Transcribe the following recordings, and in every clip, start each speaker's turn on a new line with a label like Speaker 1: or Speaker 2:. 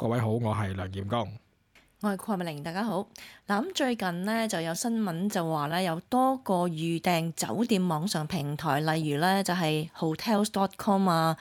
Speaker 1: 各位好，我係梁艷剛，
Speaker 2: 我係郭慧玲，大家好。嗱，咁最近咧就有新聞就話咧有多個預訂酒店網上平台，例如咧就係 Hotels.com 啊、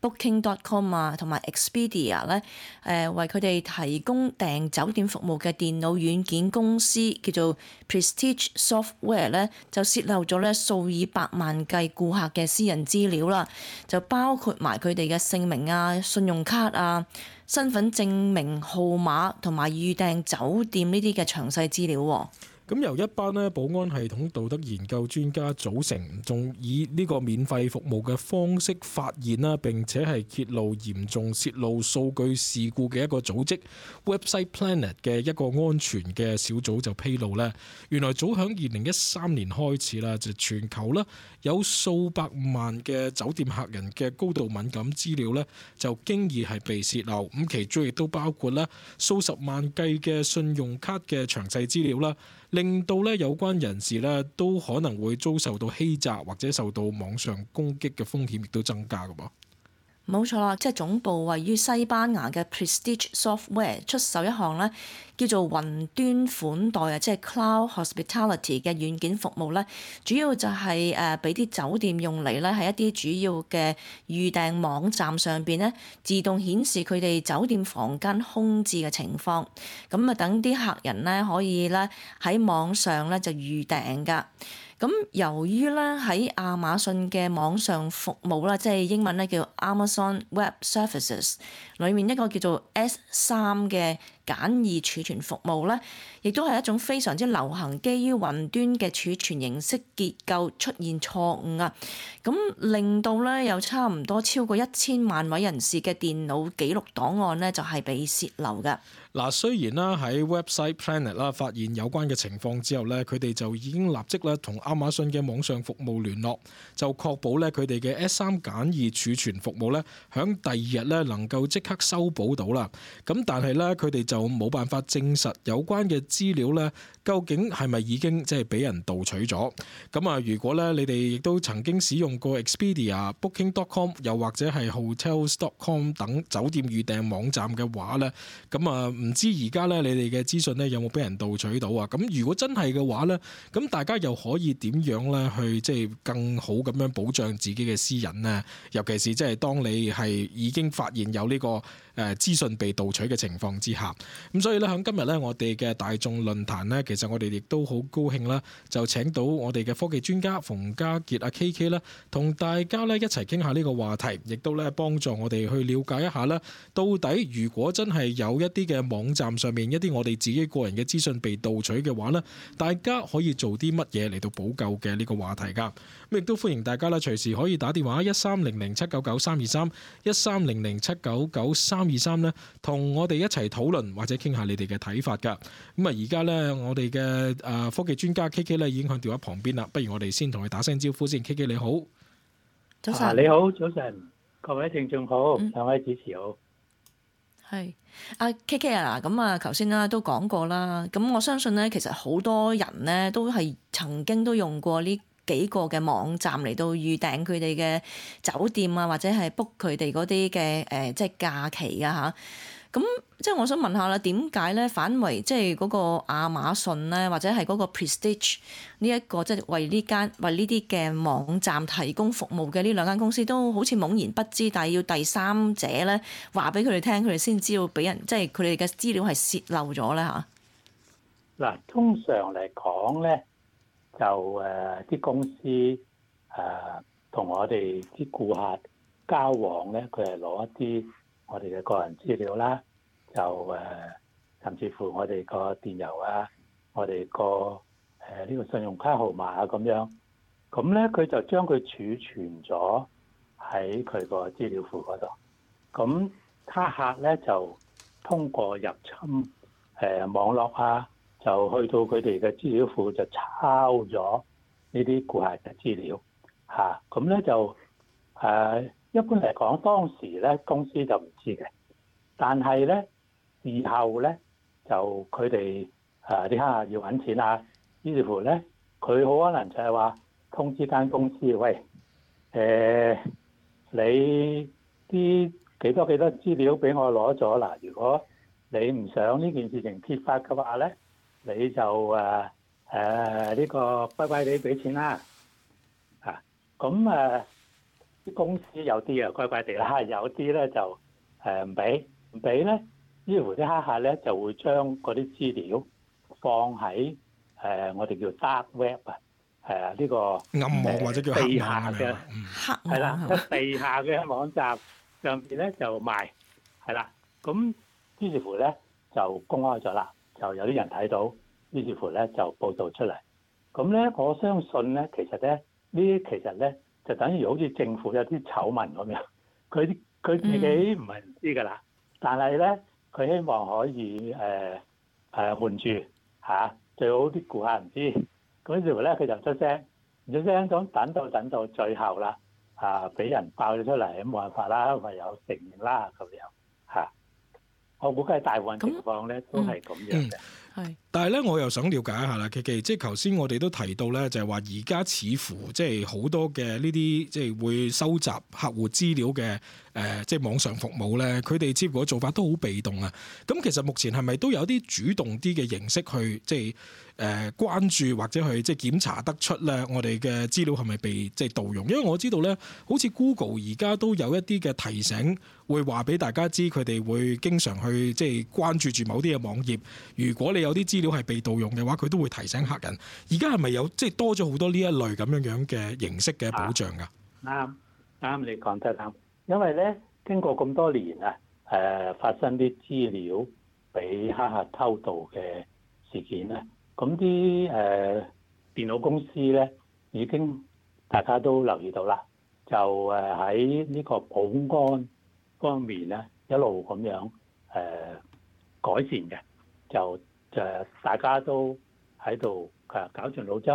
Speaker 2: Booking.com 啊同埋 Expedia 咧，誒為佢哋提供訂酒店服務嘅電腦軟件公司叫做 Prestige Software 咧，就洩漏咗咧數以百萬計顧客嘅私人資料啦，就包括埋佢哋嘅姓名啊、信用卡啊。身份證明號碼同埋預訂酒店呢啲嘅詳細資料喎。
Speaker 1: 咁由一班咧保安系統道德研究專家組成，仲以呢個免費服務嘅方式發現啦，並且係揭露嚴重泄露數據事故嘅一個組織 Website Planet 嘅一個安全嘅小組就披露呢，原來早響二零一三年開始啦，就全球啦有數百萬嘅酒店客人嘅高度敏感資料呢，就經已係被泄露。咁其中亦都包括啦數十萬計嘅信用卡嘅詳細資料啦。令到咧有關人士咧都可能會遭受到欺詐或者受到網上攻擊嘅風險，亦都增加嘅噃。
Speaker 2: 冇錯啦，即係總部位於西班牙嘅 Prestige Software 出售一項咧，叫做雲端款待啊，即係 Cloud Hospitality 嘅軟件服務咧，主要就係誒俾啲酒店用嚟咧，喺一啲主要嘅預訂網站上邊咧，自動顯示佢哋酒店房間空置嘅情況，咁啊等啲客人咧可以咧喺網上咧就預訂㗎。咁由於咧喺亞馬遜嘅網上服務啦，即係英文咧叫 Amazon Web Services，裡面一個叫做 S 三嘅。簡易儲存服務呢，亦都係一種非常之流行，基於雲端嘅儲存形式結構出現錯誤啊，咁令到呢，有差唔多超過一千萬位人士嘅電腦記錄檔案呢，就係被洩漏嘅。
Speaker 1: 嗱，雖然咧喺 Website Planet 啦發現有關嘅情況之後呢，佢哋就已經立即咧同亞馬遜嘅網上服務聯絡，就確保呢佢哋嘅 S 三簡易儲存服務呢，響第二日呢能夠即刻修補到啦。咁但係呢，佢哋就冇辦法證實有關嘅資料咧，究竟係咪已經即係俾人盜取咗？咁啊，如果咧你哋亦都曾經使用過 Expedia、Booking.com 又或者係 Hotels.com 等酒店預訂網站嘅話呢，咁啊，唔知而家呢，你哋嘅資訊呢有冇俾人盜取到啊？咁如果真係嘅話呢，咁大家又可以點樣呢？去即係更好咁樣保障自己嘅私隱呢？尤其是即係當你係已經發現有呢個誒資訊被盜取嘅情況之下。咁所以咧，喺今日咧，我哋嘅大眾論壇咧，其實我哋亦都好高興啦，就請到我哋嘅科技專家馮家傑阿 KK 咧，同大家咧一齊傾下呢個話題，亦都咧幫助我哋去了解一下咧，到底如果真係有一啲嘅網站上面一啲我哋自己個人嘅資訊被盜取嘅話咧，大家可以做啲乜嘢嚟到補救嘅呢個話題噶。亦都歡迎大家啦，隨時可以打電話 23, 一三零零七九九三二三一三零零七九九三二三咧，同我哋一齊討論或者傾下你哋嘅睇法㗎。咁啊，而家咧我哋嘅誒科技專家 K K 咧已經向電話旁邊啦，不如我哋先同佢打聲招呼先。K K 你，安、啊、你好，早晨你好早
Speaker 3: 晨，各位聽眾好，
Speaker 2: 兩、嗯、位主持好，係阿、啊、K K 啊，咁啊，頭先啦都講過啦，咁我相信咧，其實好多人咧都係曾經都用過呢、這個。幾個嘅網站嚟到預訂佢哋嘅酒店啊，或者係 book 佢哋嗰啲嘅誒，即係假期嘅、啊、嚇。咁、嗯、即係我想問下啦，點解咧反為即係嗰個亞馬遜咧，或者係嗰個 Prestige 呢、這、一個即係為呢間為呢啲嘅網站提供服務嘅呢兩間公司都好似懵然不知，但係要第三者咧話俾佢哋聽，佢哋先知道俾人即係佢哋嘅資料係洩漏咗咧嚇。
Speaker 3: 嗱、啊，通常嚟講咧。就誒啲、呃、公司誒同、呃、我哋啲顧客交往咧，佢係攞一啲我哋嘅個人資料啦，就誒、呃、甚至乎我哋個電郵啊，我哋個誒呢個信用卡號碼啊咁樣，咁咧佢就將佢儲存咗喺佢個資料庫嗰度，咁黑客咧就通過入侵誒、呃、網絡啊～就去到佢哋嘅資料庫，就抄咗呢啲顧客嘅資料嚇。咁、啊、咧就誒、啊，一般嚟講，當時咧公司就唔知嘅。但係咧，事後咧就佢哋誒，你睇下要揾錢啦。於是乎咧，佢好可能就係話通知間公司：「喂，誒、啊，你啲幾多幾多資料俾我攞咗嗱？如果你唔想呢件事情揭發嘅話咧？你就誒誒呢個乖乖地俾錢啦，嚇，咁誒啲公司有啲啊乖乖地啦，有啲咧就誒唔俾，唔俾咧，於是乎啲黑客咧就會將嗰啲資料放喺誒我哋叫 dark web 啊，係啊，呢個暗網或者叫地下嘅，係啦，即係地下嘅網站上面咧就賣，係啦，咁於是乎咧就公開咗啦。就有啲人睇到，於是乎咧就報道出嚟。咁咧，我相信咧，其實咧呢啲其實咧就等於好似政府有啲醜聞咁樣。佢佢自己唔係唔知㗎啦，但係咧佢希望可以誒誒、呃呃、瞞住嚇、啊，最好啲顧客唔知。咁於是乎咧，佢就出聲，唔出聲咁等到等到最後啦嚇，俾、啊、人爆咗出嚟，咁冇辦法啦，唯有承認啦咁樣。我估喺大部分情況咧都係咁樣
Speaker 1: 嘅、嗯，係。但係咧，我又想了解一下啦，K K，即係頭先我哋都提到咧，就係話而家似乎即係好多嘅呢啲即係會收集客戶資料嘅誒，即係網上服務咧，佢哋似乎個做法都好被動啊。咁其實目前係咪都有啲主動啲嘅形式去即係？就是誒關注或者去即係檢查得出咧，我哋嘅資料係咪被即係盜用？因為我知道咧，好似 Google 而家都有一啲嘅提醒，會話俾大家知佢哋會經常去即係關注住某啲嘅網頁。如果你有啲資料係被盜用嘅話，佢都會提醒客人。而家係咪有即係多咗好多呢一類咁樣樣嘅形式嘅保障㗎？啱啱、
Speaker 3: 啊、你講得啱，因為咧經過咁多年啊，誒、呃、發生啲資料俾黑客偷盜嘅事件咧。嗯咁啲誒電腦公司咧，已經大家都留意到啦，就誒喺呢個保安方面咧，一路咁樣誒、呃、改善嘅，就就大家都喺度誒搞盡腦汁，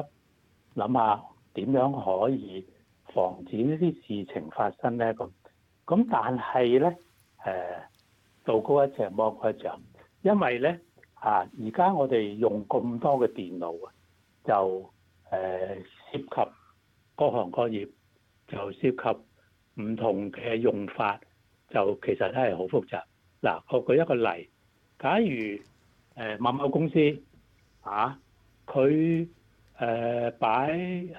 Speaker 3: 諗下點樣可以防止呢啲事情發生咧。咁咁但係咧誒道高一尺，魔高一丈，因為咧。啊！而家我哋用咁多嘅電腦啊，就誒涉及各行各業，就涉及唔同嘅用法，就其實都係好複雜。嗱，我舉一個例，假如某某公司啊，佢誒擺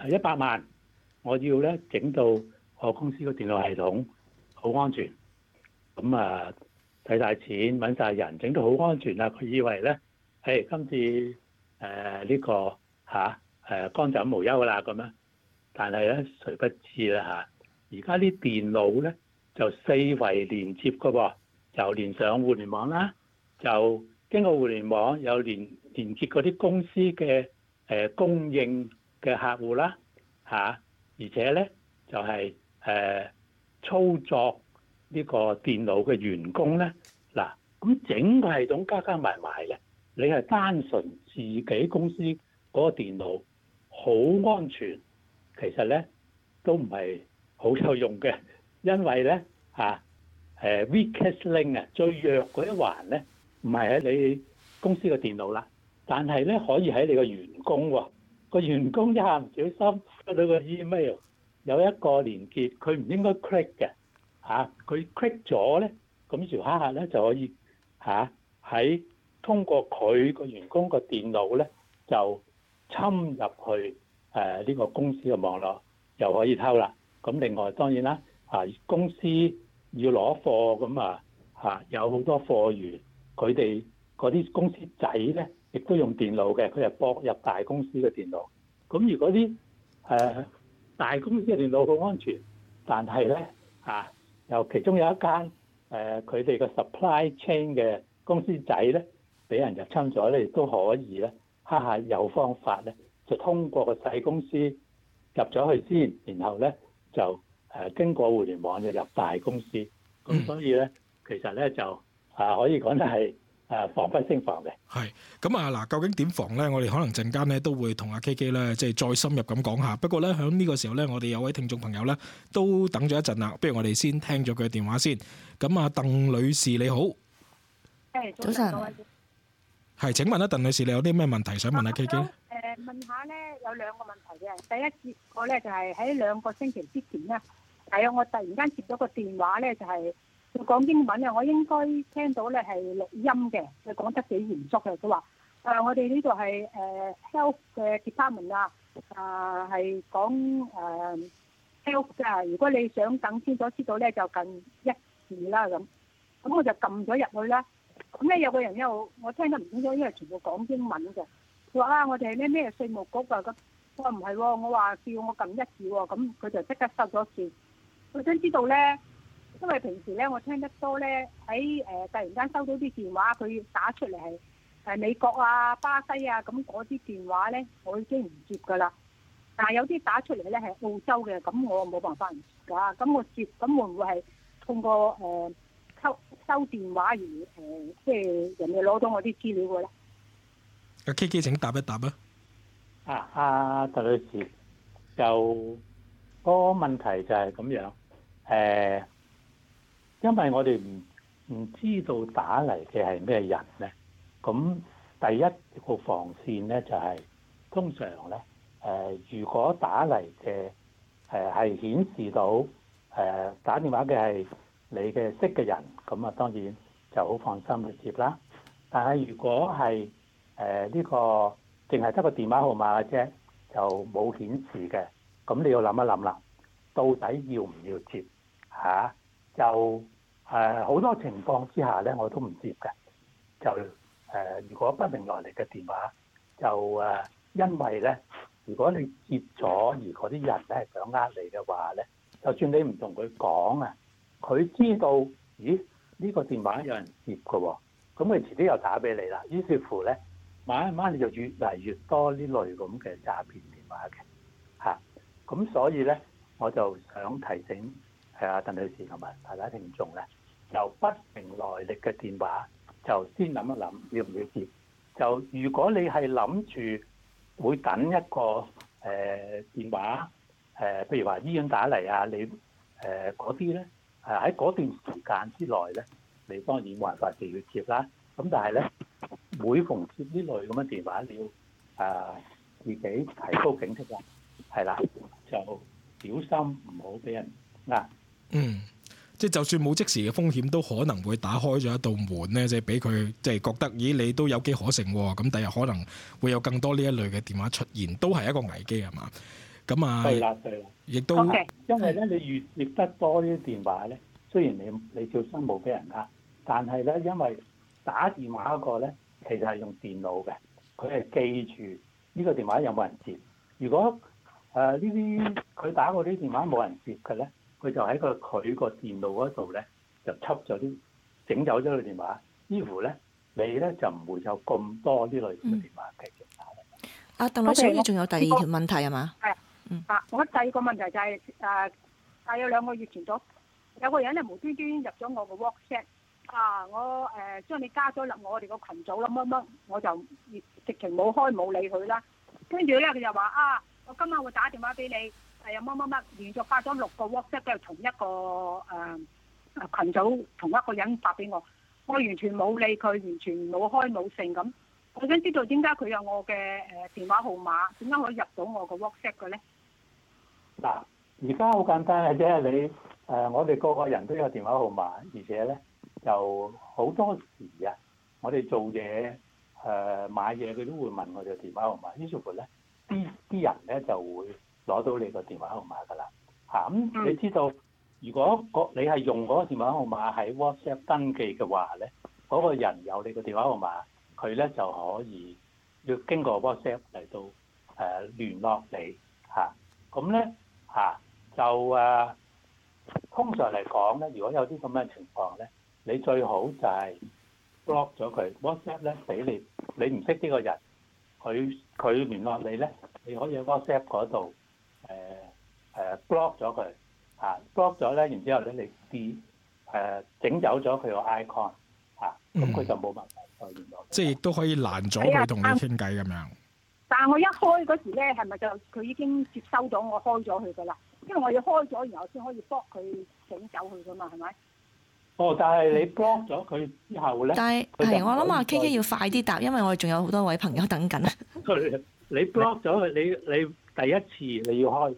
Speaker 3: 一百萬，我要咧整到我公司個電腦系統好安全，咁啊～睇晒錢，揾晒人，整到好安全啦。佢以為呢，誒、hey, 今次誒呢、呃這個嚇誒、啊呃、高枕無憂啦咁樣。但係呢，誰不知啦嚇？而家啲電腦呢，就四圍連接㗎喎，就連上互聯網啦，就經過互聯網又連連接嗰啲公司嘅誒、呃、供應嘅客戶啦嚇，而且呢，就係、是、誒、呃、操作。呢個電腦嘅員工咧，嗱，咁整個系統加加埋埋咧，你係單純自己公司嗰個電腦好安全，其實咧都唔係好有用嘅。因為咧嚇誒 weak link 啊，最弱嗰一環咧唔係喺你公司嘅電腦啦，但係咧可以喺你個員工喎，個員工一下唔小心收到個 email 有一個連結，佢唔應該 click 嘅。嚇，佢 click 咗咧，咁條黑客咧就可以嚇喺通過佢個員工個電腦咧，就侵入去誒呢個公司嘅網絡，又可以偷啦。咁另外當然啦，啊公司要攞貨咁啊嚇，有好多貨源，佢哋嗰啲公司仔咧，亦都用電腦嘅，佢係駁入大公司嘅電腦。咁如果啲誒大公司嘅電腦好安全，但係咧嚇。又其中有一間誒，佢哋、呃、個 supply chain 嘅公司仔咧，俾人入侵咗咧，亦都可以咧，下下有方法咧，就通過個細公司入咗去先，然後咧就誒經過互聯網就入大公司，咁所以咧其實咧就啊可以講得係。
Speaker 1: 啊！防不勝防嘅，係咁啊！嗱，究竟點防咧？我哋可能陣間咧都會同阿 K K 咧即係再深入咁講下。不過咧，喺呢個時候咧，我哋有位聽眾朋友咧都等咗一陣啦。不如我哋先聽咗佢嘅電話先。咁啊，鄧女士你好，
Speaker 2: 早晨，各位，
Speaker 1: 係請問咧，鄧女士你有啲咩問題想問阿 K K？誒，問下咧有兩個問題嘅。第一次，我
Speaker 2: 咧就
Speaker 4: 係、是、喺兩個星期之前咧，係啊，我突然間接咗個電話咧就係、是。佢講英文啊！我應該聽到咧係錄音嘅。佢講得幾嚴肅嘅佢話，誒、呃，我哋呢度係誒 health 嘅 department 啦。誒係講誒、呃、health 㗎。如果你想等清楚知道咧，就近一字啦咁。咁我就撳咗入去啦。咁咧有個人又我聽得唔清楚，因為全部講英文嘅。佢話啊，我哋係咩咩稅務局啊咁。我話唔係喎，我話叫我撳一字喎。咁佢就即刻收咗一次。我想知道咧。因為平時咧，我聽得多咧喺誒，突然間收到啲電話，佢打出嚟係誒美國啊、巴西啊咁嗰啲電話咧，我已經唔接噶啦。但係有啲打出嚟咧係澳洲嘅，咁我冇辦法唔接㗎。咁我接，咁會唔會係通過誒、呃、收收電話而誒，即、呃、係人哋攞到我啲資料嘅咧？
Speaker 1: 阿 K K，請答一答啦。
Speaker 3: 啊阿特女士，就、個問題就係咁樣誒。呃因為我哋唔唔知道打嚟嘅係咩人咧，咁第一個防線咧就係、是、通常咧，誒、呃、如果打嚟嘅誒係顯示到誒、呃、打電話嘅係你嘅識嘅人，咁啊當然就好放心去接啦。但係如果係誒呢個淨係得個電話號碼嘅啫，就冇顯示嘅，咁你要諗一諗啦，到底要唔要接嚇、啊？就。誒好多情況之下咧，我都唔接嘅。就誒、呃，如果不明來歷嘅電話，就誒、呃，因為咧，如果你接咗而嗰啲人咧係想呃你嘅話咧，就算你唔同佢講啊，佢知道咦呢、呢個電話有人接嘅喎、哦，咁佢遲啲又打俾你啦。於是乎咧，晚晚你就越嚟越多呢類咁嘅詐騙電話嘅嚇。咁、啊、所以咧，我就想提醒。啊，鄧女士同埋大家聽眾咧，就不明來歷嘅電話就先諗一諗，要唔要接？就如果你係諗住會等一個誒電話，誒譬如話醫院打嚟啊，你誒嗰啲咧，喺嗰段時間之內咧，你當然冇辦法就要接啦。咁但係咧，每逢接呢類咁嘅電話，你要誒自己提高警惕㗎。係啦，就小心唔好俾人嗱。
Speaker 1: 嗯，即係就算冇即時嘅風險，都可能會打開咗一道門咧，即係俾佢即係覺得咦，你都有機可乘喎。咁第日可能會有更多呢一類嘅電話出現，都係一個危機吖嘛？咁啊，對啦對啦，亦都 Okay.
Speaker 3: 因為咧，你越接得多呢啲電話咧，雖然你你叫新號俾人家，但係咧，因為打電話嗰、嗰個咧其實係用電腦嘅，佢係記住呢個電話有冇人接。如果誒呢啲佢打過啲電話冇人接嘅咧。佢就喺個佢個電腦嗰度咧，就吸咗啲整走咗佢電話，似乎咧你咧就唔會有咁多啲
Speaker 2: 類型嘅
Speaker 4: 電話俾佢打。阿鄧老師，你仲有第二條問題係嘛？係啊，嗯，啊，我第二個問題就係誒，大約兩個月前左右，有個人咧無端端入咗我個 WhatsApp 啊，我誒將你加咗入我哋個羣組啦，乜乜，我就直直情冇開冇理佢啦。跟住咧佢就話啊，我今晚會打電話俾你。係啊，乜乜乜連續發咗六個 WhatsApp 都係同一個誒羣、呃、組，同一個人發俾我，我完全冇理佢，完全冇開冇剩咁。我想知道點解佢有我嘅誒電話號碼，點解可以入到我個 WhatsApp 嘅咧？嗱，
Speaker 3: 而家好簡單嘅啫，你誒、呃、我哋個個人都有電話號碼，而且咧就好多時啊，我哋做嘢誒買嘢佢都會問我哋電話號碼。於是乎咧，啲啲人咧就會。攞到你個電話號碼㗎啦嚇。咁你知道，如果個你係用嗰個電話號碼喺 WhatsApp 登記嘅話咧，嗰個人有你個電話號碼，佢咧就可以要經過 WhatsApp 嚟到誒聯絡你嚇。咁咧嚇就誒，通常嚟講咧，如果有啲咁嘅情況咧，你最好就係 block 咗佢 WhatsApp 咧俾你。你唔識呢個人，佢佢聯絡你咧，你可以喺 WhatsApp 嗰度。誒誒 block 咗佢嚇，block 咗咧，然之後咧你 D 誒整走咗佢個 icon 嚇，咁佢就冇辦法睇見到，
Speaker 1: 即係亦都可以攔阻佢同你傾偈咁樣。
Speaker 4: 但係我一開嗰時咧，係咪就佢已經接收咗我開咗佢噶啦？因為我要開咗，然後先可以 block 佢整走佢噶嘛，係咪？
Speaker 2: 哦，但係你 block 咗佢之後咧，係是我諗啊，K K 要快啲答，因為我哋仲有好多位朋友等緊。
Speaker 3: 你
Speaker 4: block
Speaker 2: 咗
Speaker 3: 佢，你你。第一次你要開，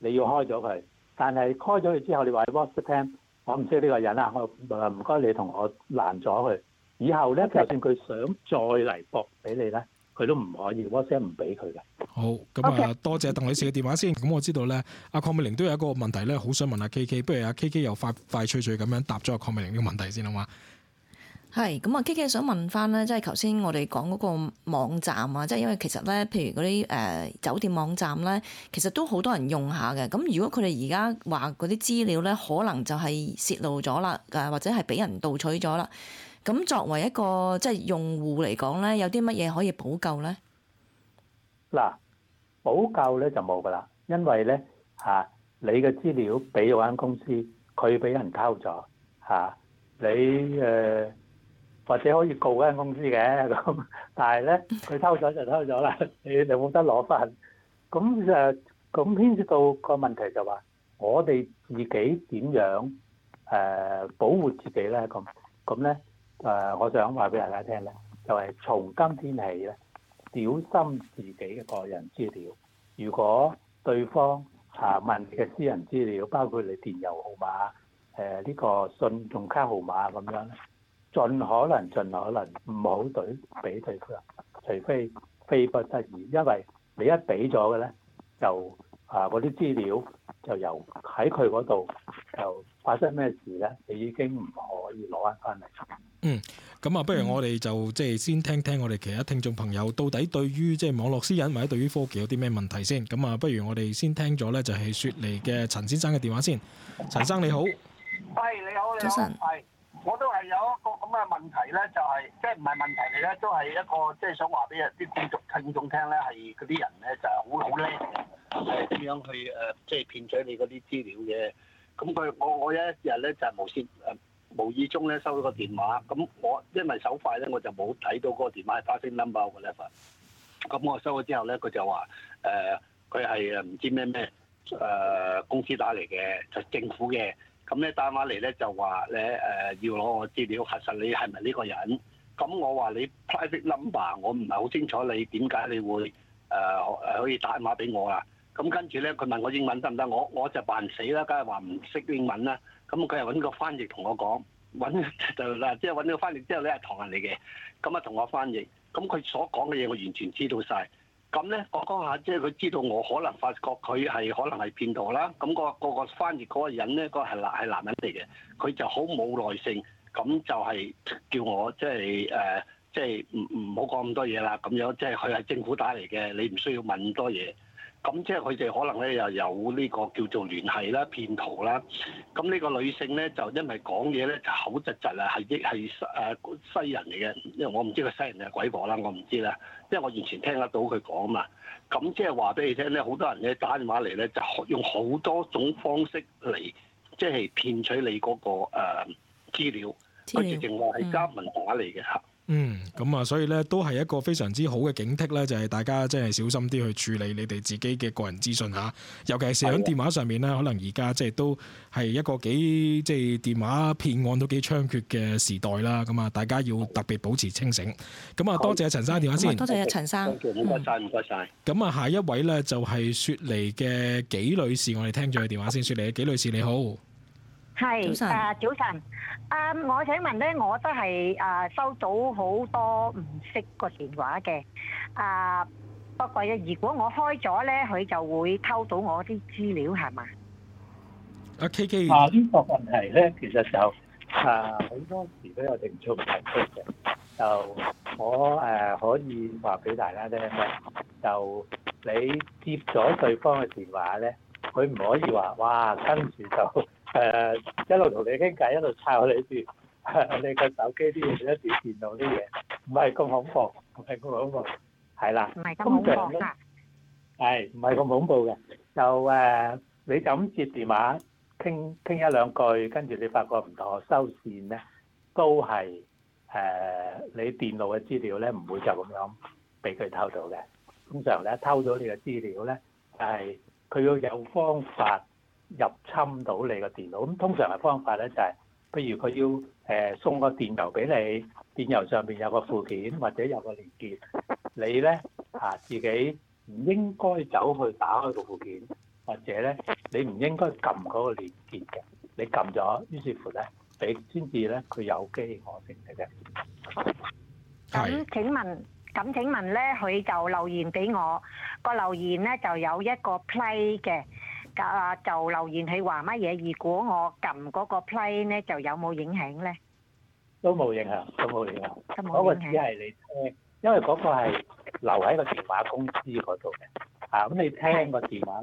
Speaker 3: 你要開咗佢，但係開咗佢之後，你話 WhatsApp，我唔識呢個人啦，我唔該你同我攔咗佢。以後咧，就算佢想再嚟博俾你咧，佢都唔可以 WhatsApp 唔俾佢嘅。
Speaker 1: 好，咁啊，Okay. 多謝鄧女士嘅電話先。咁我知道咧，阿鄺美玲都有一個問題咧，好想問下 K K，不如阿 K K 又快快脆脆咁樣答咗阿鄺美玲呢個問題先好嘛？
Speaker 2: 係咁啊，K K 想問翻咧，即係頭先我哋講嗰個網站啊，即係因為其實咧，譬如嗰啲誒酒店網站咧，其實都好多人用下嘅。咁如果佢哋而家話嗰啲資料咧，可能就係泄露咗啦，誒或者係俾人盜取咗啦。咁作為一個即係用戶嚟講咧，有啲乜嘢可以補救咧？嗱，
Speaker 3: 補救咧就冇㗎啦，因為咧嚇、啊、你嘅資料俾咗間公司，佢俾人偷咗嚇、啊、你誒。呃或者可以告間公司嘅咁，但係咧佢偷咗就偷咗啦，你就冇得攞翻。咁就咁，牽涉到個問題就話，我哋自己點樣誒保護自己咧？咁咁咧誒，我想話俾大家聽咧，就係從今天起咧，小心自己嘅個人資料。如果對方查問你嘅私人資料，包括你電郵號碼、誒呢個信用卡號碼咁樣咧。盡可能，盡可能唔好對俾對方，除非非不得已。因為你一俾咗嘅咧，就啊嗰啲資料就由喺佢嗰度，就發生咩事咧，你已經唔可以攞翻翻嚟。嗯，
Speaker 1: 咁啊，不如我哋就即係先聽聽我哋其他聽眾朋友到底對於即係網絡私隱或者對於科技有啲咩問題先。咁啊，不如我哋先聽咗咧，就係雪梨嘅陳先生嘅電話先。
Speaker 5: 陳生你好。喂，你好，早晨，生我都係有一個咁嘅問題咧、就是，就係即係唔係問題嚟咧，都、就、係、是、一個即係想話俾啲觀眾聽眾聽咧，係嗰啲人咧就係好好叻嘅，係點樣去誒即係騙取你嗰啲資料嘅。咁佢我我有一日咧就無線誒，無意中咧收咗個電話，咁我因為手快咧，我就冇睇到嗰個電話係花式 number 嘅 l e v 咁我收咗之後咧，佢就話誒佢係誒唔知咩咩誒公司打嚟嘅，就政府嘅。咁咧打翻嚟咧就話你誒要攞我資料核實你係咪呢個人？咁我話你 private number 我唔係好清楚你點解你會誒誒可以打電話俾我啦。咁跟住咧佢問我英文得唔得？我我就扮死啦，梗係話唔識英文啦。咁佢就揾個翻譯同我講，揾就嗱即係揾到翻譯之後咧係唐人嚟嘅，咁啊同我翻譯，咁佢所講嘅嘢我完全知道晒。咁咧我講下，即係佢知道我可能發覺佢係可能係騙徒啦。咁個個個翻譯嗰個人咧，個係男男人嚟嘅，佢就好冇耐性，咁就係叫我即係誒，即係唔唔好講咁多嘢啦。咁樣即係佢係政府打嚟嘅，你唔需要問咁多嘢。咁即係佢哋可能咧又有呢個叫做聯繫啦、騙徒啦。咁呢個女性咧就因為講嘢咧就口窒窒啊，係啲係誒西人嚟嘅，因為我唔知佢西人定係鬼火啦，我唔知啦。因為我完全聽得到佢講嘛。咁即係話俾你聽咧，好多人咧打電話嚟咧就用好多種方式嚟，即係騙取你嗰個誒資料。佢直情話係加文打嚟嘅嚇。嗯
Speaker 1: 嗯，咁啊，所以咧都係一個非常之好嘅警惕咧，就係、是、大家即係小心啲去處理你哋自己嘅個人資訊嚇。尤其係射響電話上面咧，可能而家即係都係一個幾即係電話騙案都幾猖獗嘅時代啦。咁啊，大家要特別保持清醒。咁啊，多謝陳生電話先。多謝阿
Speaker 2: 陳生。唔該晒，唔該晒。
Speaker 1: 咁啊，下一位咧就係雪梨嘅紀女士，我哋聽咗佢電話先。雪梨嘅紀女士你好。
Speaker 4: 係誒，早晨，誒，我請問咧，我都係誒收到好多唔識個電話嘅。誒，不過啊，如果我開咗咧，佢就會偷到我啲資料，係嘛？
Speaker 1: 阿 K K，啊，
Speaker 3: 呢個問題咧，其實就誒好多時都有定做提醒嘅，就我誒可以話俾大家聽嘅，就你接咗對方嘅電話咧，佢唔可以話哇跟住就。誒一路同你傾偈，一路抄你啲你個手機啲嘢，一啲電腦啲嘢，唔係咁恐怖，唔係咁恐怖，係啦，唔
Speaker 4: 係咁恐怖㗎，
Speaker 3: 係唔係咁恐怖嘅？就誒，你就咁接電話傾傾一兩句，跟住你發覺唔妥，收線咧都係誒你電腦嘅資料咧，唔會就咁樣俾佢偷到嘅。通常咧，偷咗你嘅資料咧，就係佢要有方法。入侵到你個電腦咁，通常嘅方法咧就係、是，譬如佢要誒送個電郵俾你，電郵上邊有個附件或者有個連結，你咧啊自己唔應該走去打開個附件，或者咧你唔應該撳嗰個連結嘅，你撳咗，於是乎咧，你先至咧佢有機可乘嚟嘅。係是。咁
Speaker 4: 請問，咁請問咧，佢就留言俾我，個留言咧就有一個 play 嘅。啊！就留言你話乜嘢？如果我撳嗰個 play 咧，就有冇影響咧？都
Speaker 3: 冇影響，都冇影響。嗰個只係你聽，因為嗰個係留喺個電話公司嗰度嘅。啊，咁你聽個電話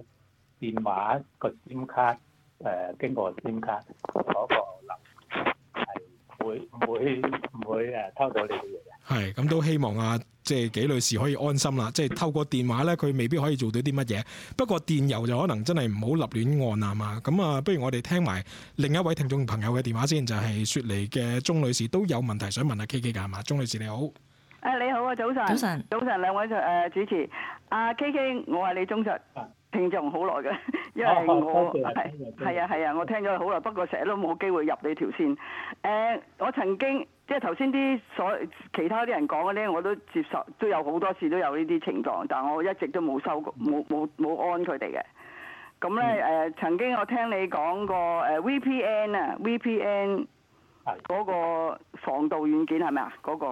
Speaker 3: 電話個 SIM card 誒經過 SIM card 嗰個留言係會唔會唔會誒偷到你
Speaker 1: 啲嘢嘅？係咁，都希望啊！即係紀女士可以安心啦，即係透過電話咧，佢未必可以做到啲乜嘢。不過電郵就可能真係唔好立亂按啊嘛。咁啊，不如我哋聽埋另一位聽眾朋友嘅電話先，就係、是、雪梨嘅鍾女士都有問題想問下 K K 㗎係嘛？鍾女士你好，
Speaker 4: 誒你好啊，早晨，早晨安，早晨兩位誒主持，阿、啊、K K，我係你忠實聽眾好耐㗎，因為我係係 啊係啊，啊，我聽咗好耐，不過成日都冇機會入你條線。誒、啊，我曾經。即係頭先啲所其他啲人講嗰啲，我都接受，都有好多次都有呢啲情況，但係我一直都冇收過冇冇冇安佢哋嘅。咁咧，誒，嗯、曾經我聽你講過誒 VPN 啊，VPN，嗰個防盜軟件係咪啊？嗰是、嗰個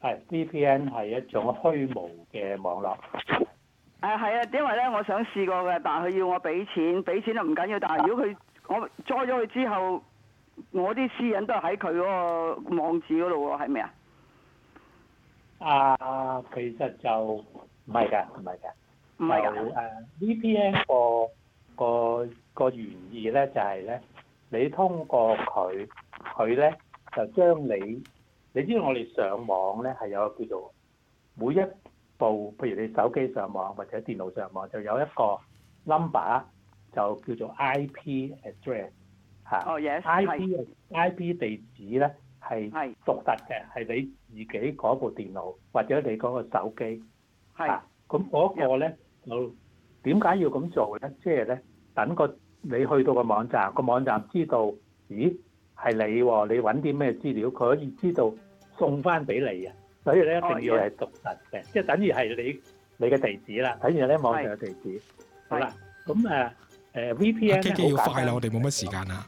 Speaker 4: 係
Speaker 3: VPN 係一種虛無嘅
Speaker 4: 網絡。誒、啊，係啊，因為咧，我想試過嘅，但係佢要我俾錢，俾錢就唔緊要，但係如果佢我裝咗佢之後。我啲私隱都喺佢嗰個網址嗰度喎，係咪啊？
Speaker 3: 啊，其實就唔係㗎，唔係㗎，
Speaker 2: 唔係㗎。誒、uh,
Speaker 3: VPN 個個個原意咧就係、是、咧，你通過佢，佢咧就將你，你知道我哋上網咧係有叫做每一部，譬如你手機上網或者電腦上網就有一個 number 就叫做 IP address。哦 yes，I P 啊 I P 地址咧係獨特嘅，係你自己嗰部電腦或者你嗰個手機。係，咁嗰個咧就點解要咁做咧？即係咧等個你去到個網站，個網站知道，咦係你喎，你揾啲咩資料？佢可以知道送翻俾你啊。所以咧一定要係獨特嘅，即係等於係你你嘅地址啦。等於咧網上嘅地址。好啦，咁誒誒 V P N 啊，要快啦，我
Speaker 1: 哋冇乜時間啦。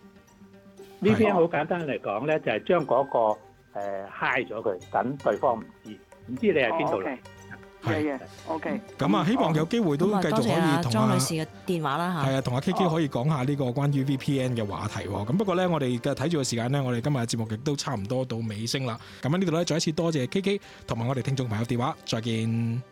Speaker 3: VPN
Speaker 2: 好簡單嚟講咧，就係將嗰個誒嗨咗佢，等對方唔知，唔知你係邊度嚟。係嘅，OK。咁啊，希望有機會都繼續可以同阿電話啦嚇。係啊，同阿 KK 可
Speaker 1: 以講下呢個關於 VPN 嘅話題。咁不過咧，我哋嘅睇住嘅時間咧，我哋今日嘅節目亦都差唔多到尾聲啦。咁喺呢度咧，再一次多謝 KK 同埋我哋聽眾朋友電話，再見。